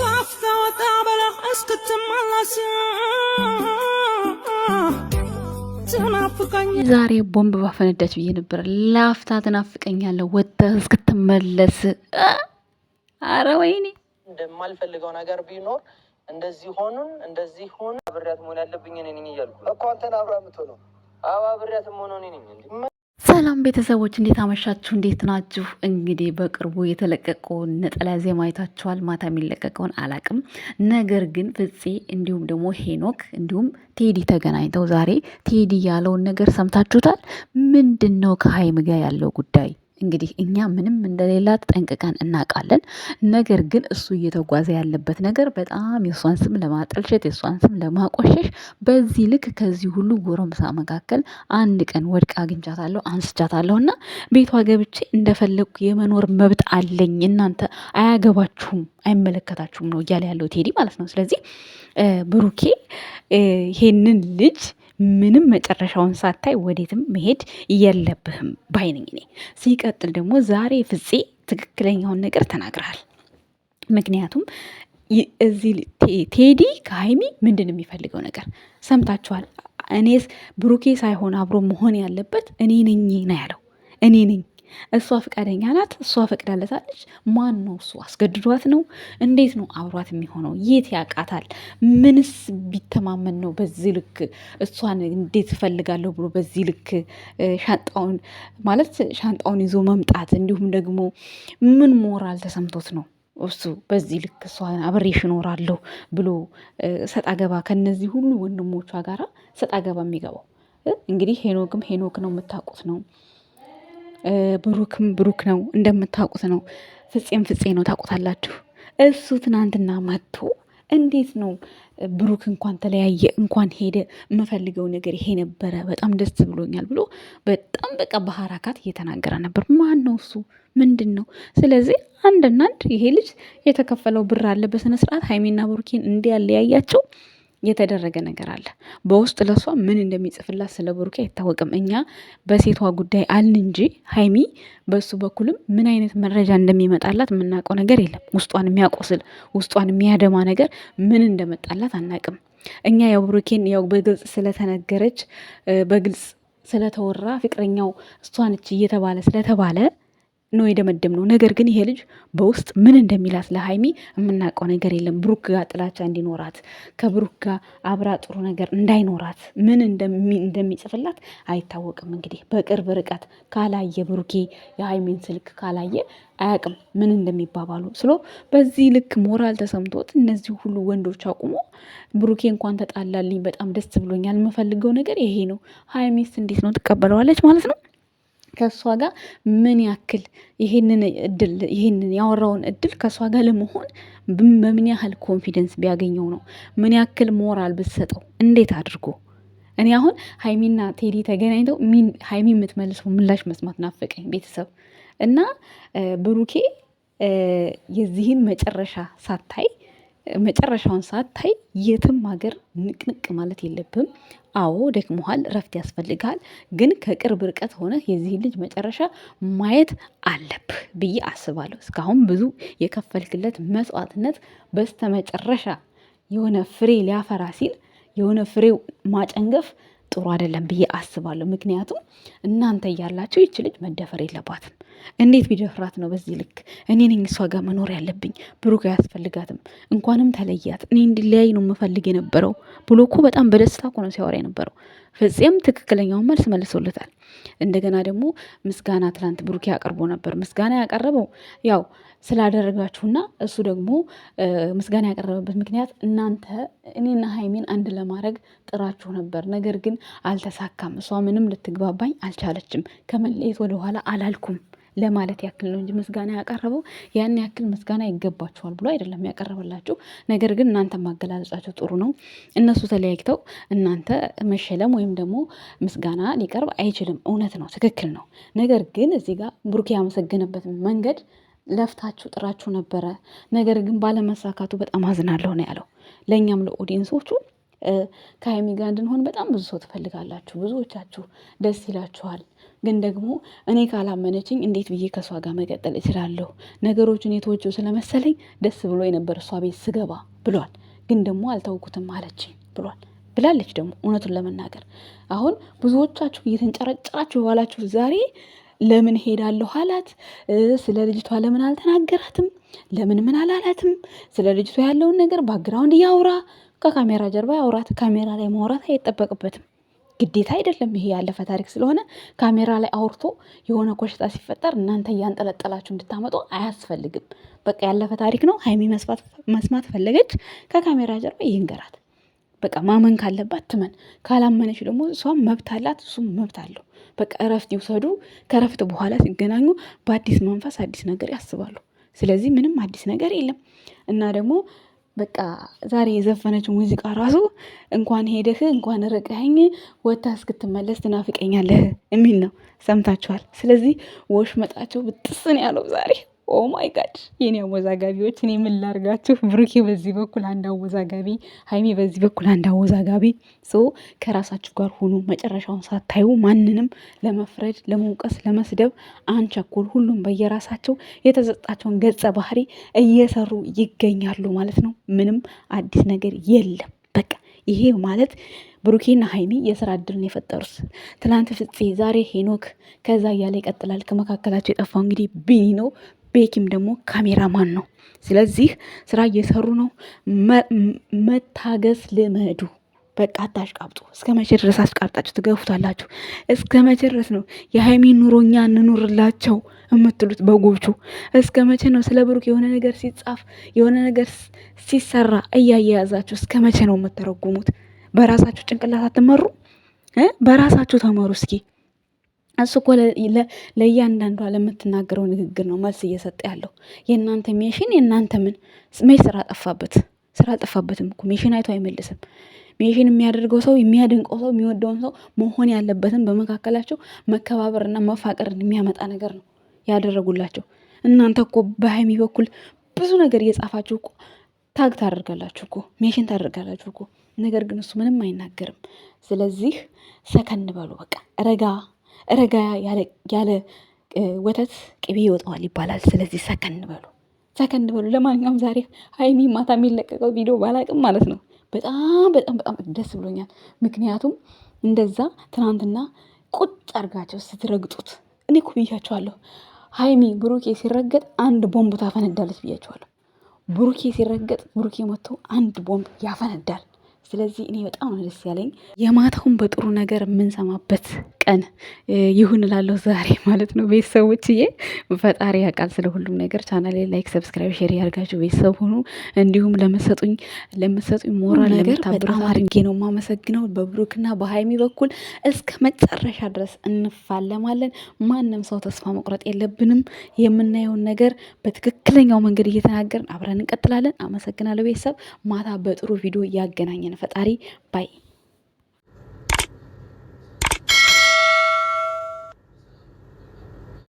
ላፍታ ወጣ በላ እስክትመለስ ትናፍቀኝ ዛሬ ቦምብ ባፈነዳች ብዬ ነበር። ላፍታ ትናፍቀኛለሁ ወጥተህ እስክትመለስ። አረ ወይኔ እንደማልፈልገው ነገር ቢኖር እንደዚህ ሆኑን እንደዚህ ሆኑ አብሬያት መሆን ያለብኝ እኔ ነኝ እያልኩ እኮ አንተን አብራ ምትሆነው አባ አብሬያት መሆን እኔ ነኝ። ሰላም ቤተሰቦች እንዴት አመሻችሁ? እንዴት ናችሁ? እንግዲህ በቅርቡ የተለቀቀውን ነጠላ ዜማ አይታችኋል። ማታ የሚለቀቀውን አላቅም። ነገር ግን ፍፄ እንዲሁም ደግሞ ሄኖክ እንዲሁም ቴዲ ተገናኝተው ዛሬ ቴዲ ያለውን ነገር ሰምታችሁታል። ምንድን ነው ከሀይም ጋር ያለው ጉዳይ? እንግዲህ እኛ ምንም እንደሌላት ጠንቅቀን እናውቃለን። ነገር ግን እሱ እየተጓዘ ያለበት ነገር በጣም የእሷን ስም ለማጠልሸት የእሷን ስም ለማቆሸሽ፣ በዚህ ልክ ከዚህ ሁሉ ጎረምሳ መካከል አንድ ቀን ወድቃ አግኝቻታለሁ፣ አንስቻታለሁ እና ቤቷ ገብቼ እንደፈለግኩ የመኖር መብት አለኝ፣ እናንተ አያገባችሁም፣ አይመለከታችሁም ነው እያለ ያለው ቴዲ ማለት ነው። ስለዚህ ብሩኬ ይሄንን ልጅ ምንም መጨረሻውን ሳታይ ወዴትም መሄድ የለብህም ባይነኝ እኔ። ሲቀጥል ደግሞ ዛሬ ፍፄ ትክክለኛውን ነገር ተናግረሃል። ምክንያቱም እዚህ ቴዲ ከሀይሚ ምንድን ነው የሚፈልገው ነገር ሰምታችኋል። እኔስ ብሩኬ ሳይሆን አብሮ መሆን ያለበት እኔ ነኝ ነው ያለው። እኔ ነኝ እሷ ፈቃደኛ ናት፣ እሷ ፈቅዳለታለች። ማን ነው እሱ? አስገድዷት ነው? እንዴት ነው አብሯት የሚሆነው? የት ያውቃታል? ምንስ ቢተማመን ነው በዚህ ልክ እሷን እንዴት እፈልጋለሁ ብሎ በዚህ ልክ ሻንጣውን ማለት ሻንጣውን ይዞ መምጣት፣ እንዲሁም ደግሞ ምን ሞራል ተሰምቶት ነው እሱ በዚህ ልክ እሷን አብሬሽ እኖራለሁ ብሎ ሰጣ ገባ ከነዚህ ሁሉ ወንድሞቿ ጋራ ሰጣ ገባ የሚገባው እንግዲህ ሄኖክም ሄኖክ ነው የምታውቁት ነው። ብሩክም ብሩክ ነው እንደምታውቁት ነው። ፍፄም ፍፄ ነው ታውቁታላችሁ። እሱ ትናንትና መጥቶ እንዴት ነው ብሩክ እንኳን ተለያየ እንኳን ሄደ የምፈልገው ነገር ይሄ ነበረ፣ በጣም ደስ ብሎኛል ብሎ በጣም በቃ በሀራካት እየተናገረ ነበር። ማን ነው እሱ? ምንድን ነው? ስለዚህ አንድና አንድ ይሄ ልጅ የተከፈለው ብር አለ። በስነ ስርዓት ሀይሜና ብሩኬን እንዲያለያያቸው የተደረገ ነገር አለ። በውስጥ ለሷ ምን እንደሚጽፍላት ስለ ብሩኬ አይታወቅም። እኛ በሴቷ ጉዳይ አልን እንጂ ሀይሚ በሱ በኩልም ምን አይነት መረጃ እንደሚመጣላት የምናውቀው ነገር የለም። ውስጧን የሚያቆስል ውስጧን የሚያደማ ነገር ምን እንደመጣላት አናውቅም። እኛ ያው ብሩኬን ያው በግልጽ ስለተነገረች በግልጽ ስለተወራ ፍቅረኛው እሷ ነች እየተባለ ስለተባለ ነው የደመደም ነው። ነገር ግን ይሄ ልጅ በውስጥ ምን እንደሚላት ለሀይሚ የምናውቀው ነገር የለም። ብሩክ ጋር ጥላቻ እንዲኖራት ከብሩክ ጋር አብራ ጥሩ ነገር እንዳይኖራት ምን እንደሚጽፍላት አይታወቅም። እንግዲህ በቅርብ ርቀት ካላየ ብሩኬ የሀይሚን ስልክ ካላየ አያውቅም ምን እንደሚባባሉ። ስለ በዚህ ልክ ሞራል ተሰምቶት እነዚህ ሁሉ ወንዶች አቁሞ ብሩኬ እንኳን ተጣላልኝ፣ በጣም ደስ ብሎኛል፣ የምፈልገው ነገር ይሄ ነው። ሀይሚስ እንዴት ነው ትቀበለዋለች ማለት ነው? ከእሷ ጋር ምን ያክል ይሄንን እድል ይሄንን ያወራውን እድል ከእሷ ጋር ለመሆን በምን ያህል ኮንፊደንስ ቢያገኘው ነው? ምን ያክል ሞራል ብትሰጠው? እንዴት አድርጎ እኔ አሁን ሀይሚና ቴዲ ተገናኝተው ሀይሚ የምትመልሰው ምላሽ መስማት ናፈቀኝ ቤተሰብ እና ብሩኬ የዚህን መጨረሻ ሳታይ መጨረሻውን ሳታይ የትም ሀገር ንቅንቅ ማለት የለብም። አዎ ደክሞሃል፣ እረፍት ያስፈልግሃል። ግን ከቅርብ ርቀት ሆነ የዚህ ልጅ መጨረሻ ማየት አለብህ ብዬ አስባለሁ። እስካሁን ብዙ የከፈልክለት መስዋዕትነት በስተመጨረሻ የሆነ ፍሬ ሊያፈራ ሲል የሆነ ፍሬው ማጨንገፍ ጥሩ አይደለም ብዬ አስባለሁ። ምክንያቱም እናንተ እያላችሁ ይች ልጅ መደፈር የለባትም። እንዴት ቢደፍራት ነው በዚህ ልክ? እኔ ነኝ እሷ ጋር መኖር ያለብኝ፣ ብሩክ አያስፈልጋትም፣ እንኳንም ተለያት፣ እኔ እንዲለያይ ነው የምፈልግ የነበረው ብሎ እኮ በጣም በደስታ እኮ ነው ሲያወራ የነበረው። ፍጼም ትክክለኛውን መልስ መልሶለታል። እንደገና ደግሞ ምስጋና ትላንት ብሩኬ አቅርቦ ነበር። ምስጋና ያቀረበው ያው ስላደረጋችሁና እሱ ደግሞ ምስጋና ያቀረበበት ምክንያት እናንተ እኔና ሀይሜን አንድ ለማድረግ ጥራችሁ ነበር፣ ነገር ግን አልተሳካም። እሷ ምንም ልትግባባኝ አልቻለችም። ከመለየት ወደኋላ አላልኩም ለማለት ያክል ነው እንጂ ምስጋና ያቀረበው ያን ያክል ምስጋና ይገባችኋል ብሎ አይደለም ያቀረበላችሁ። ነገር ግን እናንተ ማገላለጻቸው ጥሩ ነው። እነሱ ተለያይተው እናንተ መሸለም ወይም ደግሞ ምስጋና ሊቀርብ አይችልም። እውነት ነው፣ ትክክል ነው። ነገር ግን እዚህ ጋር ብሩኬ ያመሰገነበት መንገድ ለፍታችሁ ጥራችሁ ነበረ፣ ነገር ግን ባለመሳካቱ በጣም አዝናለሁ ነው ያለው። ለእኛም ለኦዲየንሶቹ ከሀይሚ ጋር እንድንሆን በጣም ብዙ ሰው ትፈልጋላችሁ፣ ብዙዎቻችሁ ደስ ይላችኋል። ግን ደግሞ እኔ ካላመነችኝ እንዴት ብዬ ከእሷ ጋር መቀጠል እችላለሁ? ነገሮችን የተወችው ስለመሰለኝ ደስ ብሎ የነበር እሷ ቤት ስገባ ብሏል። ግን ደግሞ አልታውኩትም አለችኝ ብሏል ብላለች። ደግሞ እውነቱን ለመናገር አሁን ብዙዎቻችሁ እየተንጨረጨራችሁ የዋላችሁ ዛሬ ለምን ሄዳለሁ አላት? ስለ ልጅቷ ለምን አልተናገራትም? ለምን ምን አላላትም? ስለ ልጅቷ ያለውን ነገር ባግራውንድ እያውራ ከካሜራ ጀርባ ያውራት። ካሜራ ላይ ማውራት አይጠበቅበትም። ግዴታ አይደለም። ይሄ ያለፈ ታሪክ ስለሆነ ካሜራ ላይ አውርቶ የሆነ ኮሽታ ሲፈጠር እናንተ እያንጠለጠላችሁ እንድታመጡ አያስፈልግም። በቃ ያለፈ ታሪክ ነው። ሀይሚ መስማት ፈለገች፣ ከካሜራ ጀርባ ይንገራት። በቃ ማመን ካለባት ትመን፣ ካላመነች ደግሞ እሷም መብት አላት፣ እሱም መብት አለው። በቃ እረፍት ይውሰዱ። ከእረፍት በኋላ ሲገናኙ በአዲስ መንፈስ አዲስ ነገር ያስባሉ። ስለዚህ ምንም አዲስ ነገር የለም እና ደግሞ በቃ ዛሬ የዘፈነችው ሙዚቃ ራሱ እንኳን ሄደህ እንኳን ርቀኸኝ ወታ እስክትመለስ ትናፍቀኛለህ የሚል ነው። ሰምታችኋል። ስለዚህ ወሽመጣቸው ብጥስን ያለው ዛሬ ኦ ማይ ጋድ የኔ አወዛጋቢዎች፣ እኔ ምን ላርጋችሁ? ብሩኬ በዚህ በኩል አንድ አወዛጋቢ፣ ሀይሜ በዚህ በኩል አንድ አወዛጋቢ። ሶ ከራሳችሁ ጋር ሆኑ። መጨረሻውን ሳታዩ ማንንም ለመፍረድ፣ ለመውቀስ፣ ለመስደብ አንቸኩል። ሁሉም በየራሳቸው የተሰጣቸውን ገጸ ባህሪ እየሰሩ ይገኛሉ ማለት ነው። ምንም አዲስ ነገር የለም። በቃ ይሄ ማለት ብሩኬና ሀይሚ የስራ እድልን የፈጠሩት ትላንት ፍፄ፣ ዛሬ ሄኖክ፣ ከዛ እያለ ይቀጥላል። ከመካከላቸው የጠፋው እንግዲህ ቢኒ ነው። ቤኪም ደግሞ ካሜራማን ነው። ስለዚህ ስራ እየሰሩ ነው። መታገስ ልመዱ። በቃ አታሽቃብጡ። እስከ መቼ ድረስ አሽቃብጣችሁ ትገፉታላችሁ? እስከ መቼ ድረስ ነው የሀይሚን ኑሮኛ እንኑርላቸው የምትሉት በጎቹ? እስከ መቼ ነው ስለ ብሩክ የሆነ ነገር ሲጻፍ የሆነ ነገር ሲሰራ እያያያዛችሁ እስከ መቼ ነው የምተረጉሙት? በራሳችሁ ጭንቅላት አትመሩ። በራሳችሁ ተመሩ እስኪ። እሱ እኮ ለእያንዳንዷ ለምትናገረው ንግግር ነው መልስ እየሰጠ ያለው። የእናንተ ሜሽን የእናንተ ምን መች ስራ ጠፋበት? ስራ ጠፋበትም እኮ ሜሽን አይቶ አይመልስም። ሜሽን የሚያደርገው ሰው የሚያደንቀው ሰው የሚወደውን ሰው መሆን ያለበትን በመካከላቸው መከባበርና መፋቀርን የሚያመጣ ነገር ነው ያደረጉላቸው። እናንተ እኮ በሀይሚ በኩል ብዙ ነገር እየጻፋችሁ እኮ ታግ ታደርጋላችሁ እኮ ሜሽን ታደርጋላችሁ እኮ ነገር ግን እሱ ምንም አይናገርም። ስለዚህ ሰከን በሉ በቃ ረጋ ረጋ ያለ ወተት ቅቤ ይወጣዋል ይባላል። ስለዚህ ሰከን በሉ ሰከን በሉ። ለማንኛውም ዛሬ ሀይሚ ማታ የሚለቀቀው ቪዲዮ ባላቅም ማለት ነው በጣም በጣም በጣም ደስ ብሎኛል። ምክንያቱም እንደዛ ትናንትና ቁጭ አርጋቸው ስትረግጡት እኔ እኮ ብያቸዋለሁ። ሀይሚ ብሩኬ ሲረገጥ አንድ ቦምብ ታፈነዳለች ብያቸዋለሁ። ብሩኬ ሲረገጥ ብሩኬ መጥቶ አንድ ቦምብ ያፈነዳል። ስለዚህ እኔ በጣም ደስ ያለኝ የማታውን በጥሩ ነገር የምንሰማበት ቀን ይሁን እላለሁ ዛሬ ማለት ነው። ቤተሰቦችዬ ፈጣሪ ያውቃል ስለ ሁሉም ነገር። ቻናሌ ላይክ፣ ሰብስክራይብ፣ ሼር ያርጋችሁ ቤተሰብ ሁኑ። እንዲሁም ለመሰጡኝ ለመሰጡኝ ሞራል ነገር አድርጌ ነው የማመሰግነው። በብሩክና በሀይሚ በኩል እስከ መጨረሻ ድረስ እንፋለማለን። ማንም ሰው ተስፋ መቁረጥ የለብንም። የምናየውን ነገር በትክክለኛው መንገድ እየተናገርን አብረን እንቀጥላለን። አመሰግናለሁ ቤተሰብ። ማታ በጥሩ ቪዲዮ ያገናኘን ፈጣሪ ባይ